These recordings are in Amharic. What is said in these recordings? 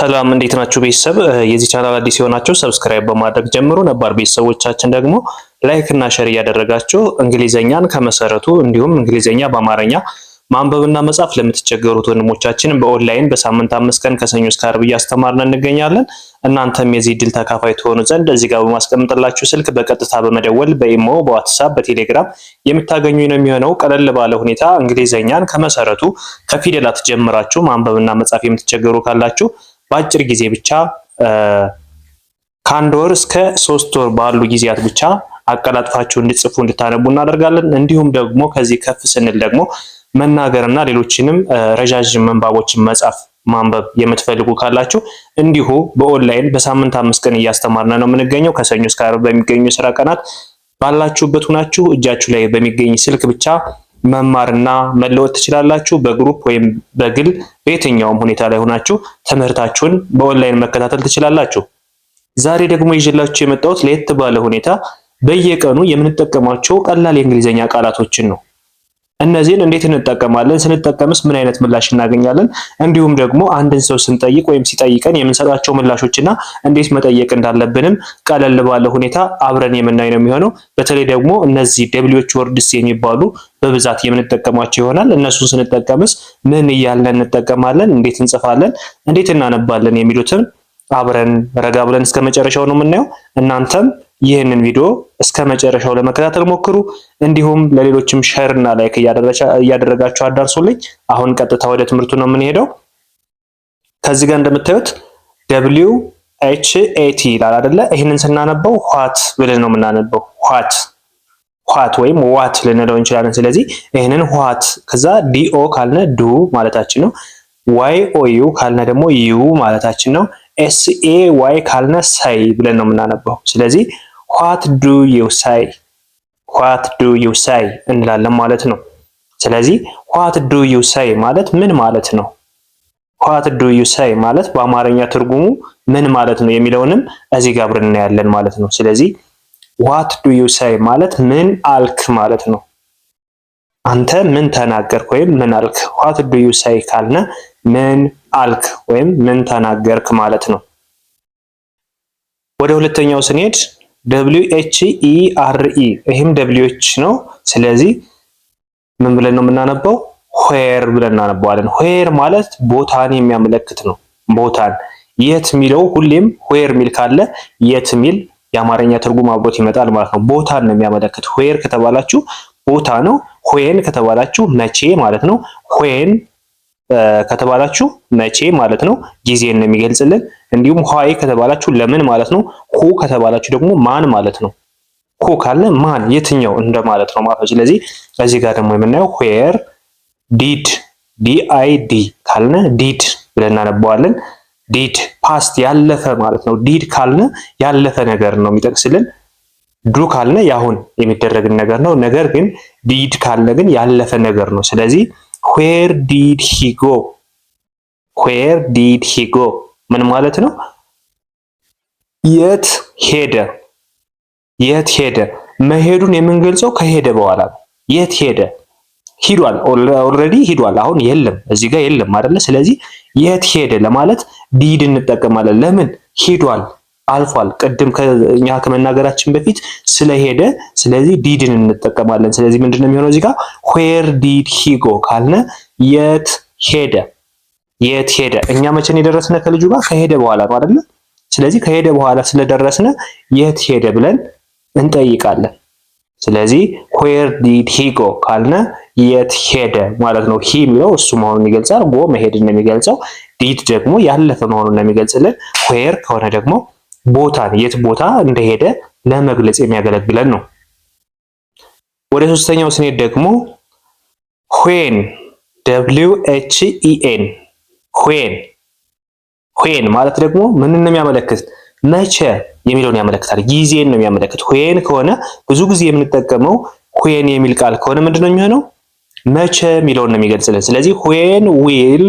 ሰላም እንዴት ናችሁ ቤተሰብ? የዚህ ቻናል አዲስ የሆናችሁ ሰብስክራይብ በማድረግ ጀምሩ። ነባር ቤተሰቦቻችን ደግሞ ላይክ እና ሸር እያደረጋችሁ እንግሊዘኛን ከመሰረቱ እንዲሁም እንግሊዘኛ በአማርኛ ማንበብና መጻፍ ለምትቸገሩት ወንድሞቻችን በኦንላይን በሳምንት አምስት ቀን ከሰኞ እስከ አርብ እያስተማርን እንገኛለን። እናንተም የዚህ ድል ተካፋይ ትሆኑ ዘንድ እዚህ ጋር በማስቀምጥላችሁ ስልክ በቀጥታ በመደወል በኢሞ፣ በዋትሳፕ፣ በቴሌግራም የምታገኙ ነው የሚሆነው። ቀለል ባለ ሁኔታ እንግሊዘኛን ከመሰረቱ ከፊደላት ጀምራችሁ ማንበብና መጻፍ የምትቸገሩ ካላችሁ በአጭር ጊዜ ብቻ ከአንድ ወር እስከ ሶስት ወር ባሉ ጊዜያት ብቻ አቀላጥፋችሁ እንድጽፉ እንድታነቡ እናደርጋለን። እንዲሁም ደግሞ ከዚህ ከፍ ስንል ደግሞ መናገርና ሌሎችንም ረዣዥም ምንባቦችን መጻፍ ማንበብ የምትፈልጉ ካላችሁ እንዲሁ በኦንላይን በሳምንት አምስት ቀን እያስተማርን ነው የምንገኘው። ከሰኞ እስከ ዓርብ በሚገኙ የስራ ቀናት ባላችሁበት ሁናችሁ እጃችሁ ላይ በሚገኝ ስልክ ብቻ መማርና መለወጥ ትችላላችሁ። በግሩፕ ወይም በግል በየትኛውም ሁኔታ ላይ ሆናችሁ ትምህርታችሁን በኦንላይን መከታተል ትችላላችሁ። ዛሬ ደግሞ ይዤላችሁ የመጣሁት ለየት ባለ ሁኔታ በየቀኑ የምንጠቀማቸው ቀላል የእንግሊዝኛ ቃላቶችን ነው። እነዚህን እንዴት እንጠቀማለን? ስንጠቀምስ ምን አይነት ምላሽ እናገኛለን? እንዲሁም ደግሞ አንድን ሰው ስንጠይቅ ወይም ሲጠይቀን የምንሰጣቸው ምላሾችና እንዴት መጠየቅ እንዳለብንም ቀለል ባለ ሁኔታ አብረን የምናይ ነው የሚሆነው። በተለይ ደግሞ እነዚህ ደብሊዎች ወርድስ የሚባሉ በብዛት የምንጠቀማቸው ይሆናል። እነሱን ስንጠቀምስ ምን እያልን እንጠቀማለን? እንዴት እንጽፋለን? እንዴት እናነባለን? የሚሉትን አብረን ረጋ ብለን እስከ መጨረሻው ነው የምናየው። እናንተም ይህንን ቪዲዮ እስከ መጨረሻው ለመከታተል ሞክሩ። እንዲሁም ለሌሎችም ሸር እና ላይክ እያደረጋችሁ አዳርሱልኝ። አሁን ቀጥታ ወደ ትምህርቱ ነው የምንሄደው። ከዚህ ጋር እንደምታዩት ደብሊው ኤች ይላል አይደለ? ይህንን ስናነበው ኋት ብለን ነው የምናነበው ኋት ኋት ወይም ዋት ልንለው እንችላለን። ስለዚህ ይህንን ኋት ከዛ ዲኦ ካልነ ዱ ማለታችን ነው። ዋይ ኦ ዩ ካልነ ደግሞ ዩ ማለታችን ነው። ኤስ ኤ ዋይ ካልነ ሳይ ብለን ነው የምናነበው። ስለዚህ ኋት ዱ ዩ ሳይ፣ ኋት ዱ ዩ ሳይ እንላለን ማለት ነው። ስለዚህ ኋት ዱ ዩ ሳይ ማለት ምን ማለት ነው? ኋት ዱ ዩ ሳይ ማለት በአማርኛ ትርጉሙ ምን ማለት ነው የሚለውንም እዚህ ጋር አብረን እናያለን ማለት ነው። ስለዚህ ዋት ዱ ዩ ሳይ ማለት ምን አልክ ማለት ነው። አንተ ምን ተናገርክ ወይም ምን አልክ። ዋት ዱ ዩ ሳይ ካልነ ምን አልክ ወይም ምን ተናገርክ ማለት ነው። ወደ ሁለተኛው ስንሄድ ደብሊው ኤች ኢ አር ኢ ይህም ደብሊው ኤች ነው። ስለዚህ ምን ብለን ነው የምናነበው? ዌር ብለን እናነበዋለን። ዌር ማለት ቦታን የሚያመለክት ነው። ቦታን የት የሚለው ሁሌም ዌር የሚል ካለ የት የሚል የአማርኛ ትርጉም አብሮት ይመጣል ማለት ነው። ቦታን ነው የሚያመለክት። ዌር ከተባላችሁ ቦታ ነው። ዌን ከተባላችሁ መቼ ማለት ነው። ዌን ከተባላችሁ መቼ ማለት ነው። ጊዜን ነው የሚገልጽልን። እንዲሁም ሀይ ከተባላችሁ ለምን ማለት ነው። ሁ ከተባላችሁ ደግሞ ማን ማለት ነው። ሁ ካለ ማን የትኛው ማለት ነው ማለት ነው። ስለዚህ እዚህ ጋር ደግሞ የምናየው ዌር ዲድ ዲአይዲ ካልነ ዲድ ብለን እናነበዋለን። ዲድ ፓስት ያለፈ ማለት ነው። ዲድ ካልነ ያለፈ ነገር ነው የሚጠቅስልን። ዱ ካልነ ያሁን የሚደረግን ነገር ነው። ነገር ግን ዲድ ካልነ ግን ያለፈ ነገር ነው። ስለዚህ where did he go where did he go ምን ማለት ነው? የት ሄደ? የት ሄደ? መሄዱን የምንገልጸው ከሄደ በኋላ ነው። የት ሄደ ሂዷል፣ ኦልሬዲ ሂዷል። አሁን የለም እዚህ ጋር የለም አይደለ? ስለዚህ የት ሄደ ለማለት ዲድ እንጠቀማለን። ለምን ሂዷል፣ አልፏል። ቅድም ከኛ ከመናገራችን በፊት ስለሄደ፣ ስለዚህ ዲድን እንጠቀማለን። ስለዚህ ምንድን ነው የሚሆነው እዚህ ጋር ዌር ዲድ ሂጎ ካልነ የት ሄደ፣ የት ሄደ። እኛ መቼን የደረስነ ከልጁ ጋር ከሄደ በኋላ ነው አይደለ? ስለዚህ ከሄደ በኋላ ስለደረስነ የት ሄደ ብለን እንጠይቃለን። ስለዚህ where ዲድ ሂ ጎ ካልነ የት ሄደ ማለት ነው። ሂ የሚለው እሱ መሆኑን ይገልጻል። ጎ መሄድ እንደሚገልጸው፣ ዲድ ደግሞ ያለፈ መሆኑን እንደሚገልጽልን፣ where ከሆነ ደግሞ ቦታን የት ቦታ እንደሄደ ለመግለጽ የሚያገለግለን ነው። ወደ ሶስተኛው ስኔት ደግሞ when ደብሊው ኤች ኢ ኤን when when ማለት ደግሞ ምንን ነው የሚያመለክት መቼ የሚለውን ያመለክታል። ጊዜን ነው የሚያመለክት። ሁን ከሆነ ብዙ ጊዜ የምንጠቀመው ሁዌን የሚል ቃል ከሆነ ምንድን ነው የሚሆነው? መቼ የሚለውን ነው የሚገልጽልን። ስለዚህ ሁን ዊል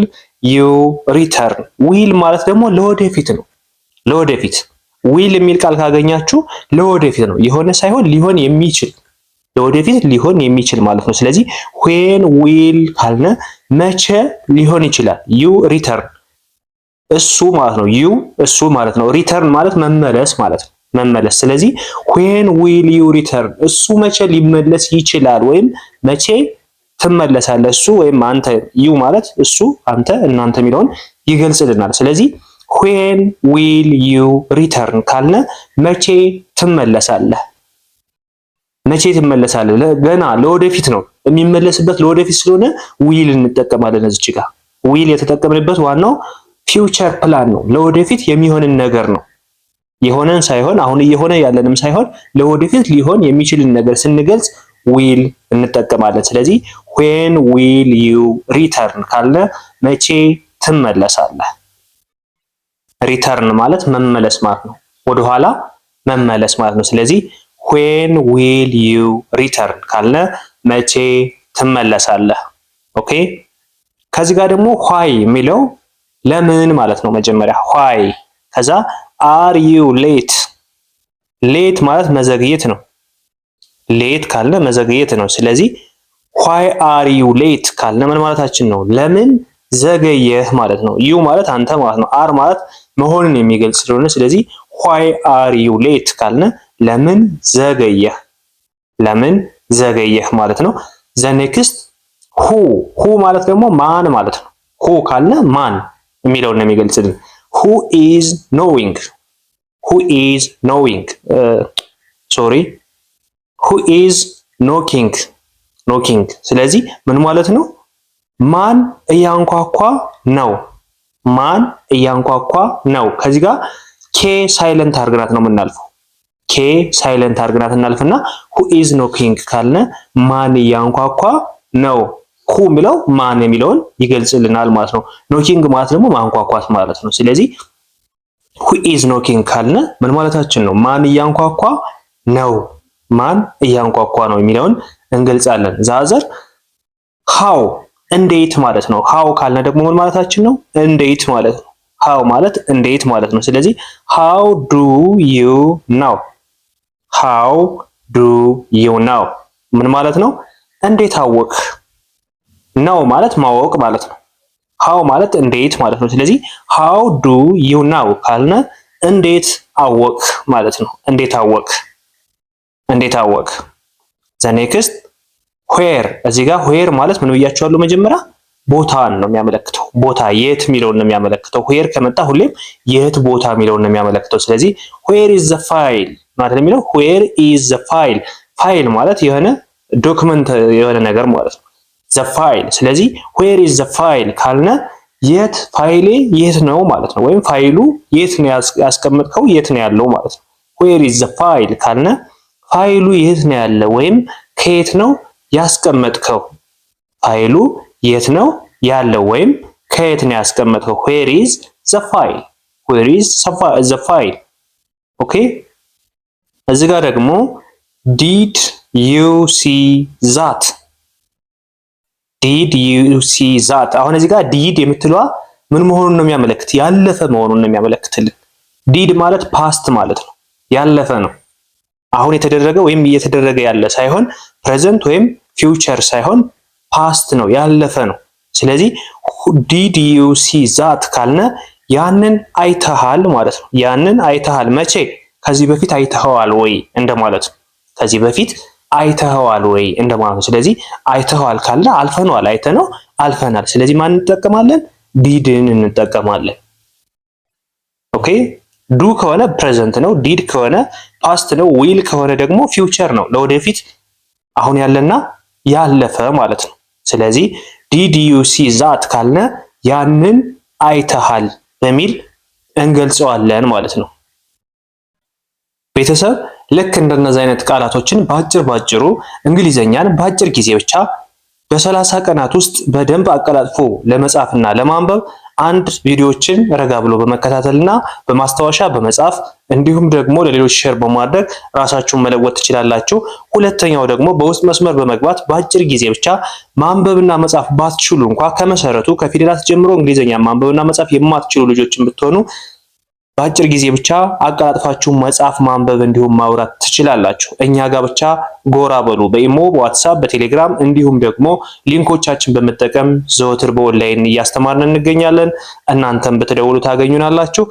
ዩ ሪተርን። ዊል ማለት ደግሞ ለወደፊት ነው። ለወደፊት ዊል የሚል ቃል ካገኛችሁ ለወደፊት ነው። የሆነ ሳይሆን ሊሆን የሚችል ለወደፊት ሊሆን የሚችል ማለት ነው። ስለዚህ ሁን ዊል ካልነ መቼ ሊሆን ይችላል ዩ ሪተርን እሱ ማለት ነው ዩ እሱ ማለት ነው። ሪተርን ማለት መመለስ ማለት ነው መመለስ። ስለዚህ ዌን ዊል ዩ ሪተርን፣ እሱ መቼ ሊመለስ ይችላል ወይም መቼ ትመለሳለህ እሱ ወይም አንተ። ዩ ማለት እሱ፣ አንተ፣ እናንተ የሚለውን ይገልጽልናል። ስለዚህ ዌን ዊል ዩ ሪተርን ካልነ መቼ ትመለሳለህ መቼ ትመለሳለህ? ገና ለወደፊት ነው የሚመለስበት፣ ለወደፊት ስለሆነ ዊል እንጠቀማለን እዚች ጋር ዊል የተጠቀምንበት ዋናው ፊውቸር ፕላን ነው። ለወደፊት የሚሆንን ነገር ነው። የሆነን ሳይሆን አሁን እየሆነ ያለንም ሳይሆን ለወደፊት ሊሆን የሚችልን ነገር ስንገልጽ ዊል እንጠቀማለን። ስለዚህ ዌን ዊል ዩ ሪተርን ካለ መቼ ትመለሳለህ? ሪተርን ማለት መመለስ ማለት ነው። ወደኋላ መመለስ ማለት ነው። ስለዚህ ዌን ዊል ዩ ሪተርን ካለ መቼ ትመለሳለህ? ኦኬ። ከዚህ ጋር ደግሞ ዋይ የሚለው ለምን ማለት ነው። መጀመሪያ ዋይ ከዛ አር ዩ ሌት። ሌት ማለት መዘግየት ነው። ሌት ካልነ መዘግየት ነው። ስለዚህ ዋይ አር ዩ ሌት ካልነ ምን ማለታችን ነው? ለምን ዘገየህ ማለት ነው። ዩ ማለት አንተ ማለት ነው። አር ማለት መሆንን የሚገልጽ ስለሆነ ስለዚህ ዋይ አር ዩ ሌት ካልነ ለምን ዘገየህ፣ ለምን ዘገየህ ማለት ነው። ዘ ኔክስት ሁ ሁ ማለት ደግሞ ማን ማለት ነው። ሁ ካልነ ማን የሚለውን ነው የሚገልጽልን። ሁ ኢዝ ኖዊንግ ሁ ኢዝ ኖዊንግ ሶሪ ሁ ኢዝ ኖኪንግ ኖኪንግ። ስለዚህ ምን ማለት ነው? ማን እያንኳኳ ነው? ማን እያንኳኳ ነው? ከዚህ ጋር ኬ ሳይለንት አርግናት ነው የምናልፈው። ኬ ሳይለንት አርግናት እናልፍና ሁ ኢዝ ኖኪንግ ካልነ ማን እያንኳኳ ነው ኩ የሚለው ማን የሚለውን ይገልጽልናል ማለት ነው። ኖኪንግ ማለት ደግሞ ማንኳኳት ማለት ነው። ስለዚህ ሁ ኢዝ ኖኪንግ ካልነ ምን ማለታችን ነው? ማን እያንኳኳ ነው፣ ማን እያንኳኳ ነው የሚለውን እንገልጻለን። ዛዘር ሃው እንዴት ማለት ነው። ሃው ካልነ ደግሞ ምን ማለታችን ነው? እንዴት ማለት ነው። ሃው ማለት እንዴት ማለት ነው። ስለዚህ ሃው ዱ ዩ ናው፣ ሃው ዱ ዩ ናው ምን ማለት ነው? እንዴት አወቅ ነው ማለት ማወቅ ማለት ነው። ሃው ማለት እንዴት ማለት ነው። ስለዚህ ሃው ዱ ዩ ናው ካልነ እንዴት አወቅ ማለት ነው። እንዴት አወቅ፣ እንዴት አወቅ። ኔክስት ዌር። እዚህ ጋር ዌር ማለት ምን ብያቸዋለሁ? መጀመሪያ ቦታን ነው የሚያመለክተው። ቦታ የት የሚለውን ነው የሚያመለክተው። ዌር ከመጣ ሁሌም የት ቦታ የሚለውን ነው የሚያመለክተው። ስለዚህ ዌር ኢዝ ዘ ፋይል ማለት የሚለው ዌር ኢዝ ዘ ፋይል። ፋይል ማለት የሆነ ዶክመንት የሆነ ነገር ማለት ነው። ዘ ፋይል። ስለዚህ ዌር ኢዝ ዘ ፋይል ካልነ የት ፋይሌ የት ነው ማለት ነው። ወይም ፋይሉ የት ነው ያስቀመጥከው የት ነው ያለው ማለት ነው። ዌር ኢዝ ዘ ፋይል ካልነ ፋይሉ የት ነው ያለ ወይም ከየት ነው ያስቀመጥከው። ፋይሉ የት ነው ያለው ወይም ከየት ነው ያስቀመጥከው። ዌር ኢዝ ዘ ፋይል ዌር ኢዝ ዘ ፋይል። ኦኬ እዚህ ጋር ደግሞ ዲድ ዩ ሲ ዛት ዲድ ዩ ሲ ዛት። አሁን እዚህ ጋር ዲድ የምትለዋ ምን መሆኑን ነው የሚያመለክት? ያለፈ መሆኑን ነው የሚያመለክትልን። ዲድ ማለት ፓስት ማለት ነው፣ ያለፈ ነው። አሁን የተደረገ ወይም እየተደረገ ያለ ሳይሆን ፕሬዘንት ወይም ፊውቸር ሳይሆን ፓስት ነው፣ ያለፈ ነው። ስለዚህ ዲድ ዩ ሲ ዛት ካልነ ያንን አይተሃል ማለት ነው። ያንን አይተሃል መቼ? ከዚህ በፊት አይተኸዋል ወይ እንደማለት ነው። ከዚህ በፊት አይተኸዋል ወይ እንደማለት ነው። ስለዚህ አይተኸዋል ካለ አልፈነዋል፣ አይተነው አልፈናል። ስለዚህ ማን እንጠቀማለን? ዲድን እንጠቀማለን። ኦኬ ዱ ከሆነ ፕሬዘንት ነው። ዲድ ከሆነ ፓስት ነው። ዊል ከሆነ ደግሞ ፊውቸር ነው፣ ለወደፊት አሁን ያለና ያለፈ ማለት ነው። ስለዚህ ዲድ ዩ ሲ ዛት ካልነ ያንን አይተሃል በሚል እንገልጸዋለን ማለት ነው ቤተሰብ ልክ እንደነዚህ አይነት ቃላቶችን በአጭር ባጭሩ እንግሊዘኛን በአጭር ጊዜ ብቻ በሰላሳ ቀናት ውስጥ በደንብ አቀላጥፎ ለመጻፍና ለማንበብ አንድ ቪዲዮዎችን ረጋ ብሎ በመከታተልና በማስታወሻ በመጻፍ እንዲሁም ደግሞ ለሌሎች ሼር በማድረግ ራሳችሁን መለወጥ ትችላላችሁ። ሁለተኛው ደግሞ በውስጥ መስመር በመግባት በአጭር ጊዜ ብቻ ማንበብና መጻፍ ባትችሉ እንኳ ከመሰረቱ ከፊደላት ጀምሮ እንግሊዘኛ ማንበብና መጻፍ የማትችሉ ልጆችን ብትሆኑ በአጭር ጊዜ ብቻ አቀላጥፋችሁ መጻፍ ማንበብ እንዲሁም ማውራት ትችላላችሁ። እኛ ጋር ብቻ ጎራ በሉ። በኢሞ፣ በዋትሳፕ፣ በቴሌግራም እንዲሁም ደግሞ ሊንኮቻችን በመጠቀም ዘወትር በኦንላይን እያስተማርን እንገኛለን። እናንተም በተደውሉ ታገኙናላችሁ።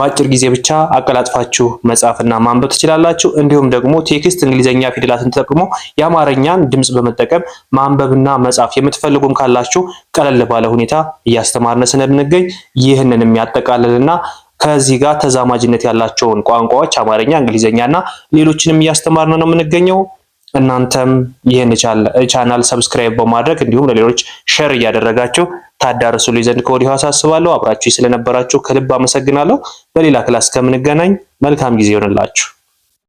በአጭር ጊዜ ብቻ አቀላጥፋችሁ መጻፍና ማንበብ ትችላላችሁ። እንዲሁም ደግሞ ቴክስት እንግሊዘኛ ፊደላትን ተጠቅሞ የአማርኛን ድምጽ በመጠቀም ማንበብና መጻፍ የምትፈልጉም ካላችሁ ቀለል ባለ ሁኔታ እያስተማርን ስንገኝ ይህንን የሚያጠቃልልና ከዚህ ጋር ተዛማጅነት ያላቸውን ቋንቋዎች አማርኛ፣ እንግሊዝኛ እና ሌሎችንም እያስተማርን ነው የምንገኘው። እናንተም ይህን ቻናል ሰብስክራይብ በማድረግ እንዲሁም ለሌሎች ሸር እያደረጋችሁ ታዳርሱ ዘንድ ከወዲሁ አሳስባለሁ። አብራችሁ ስለነበራችሁ ከልብ አመሰግናለሁ። በሌላ ክላስ ከምንገናኝ መልካም ጊዜ ይሆንላችሁ።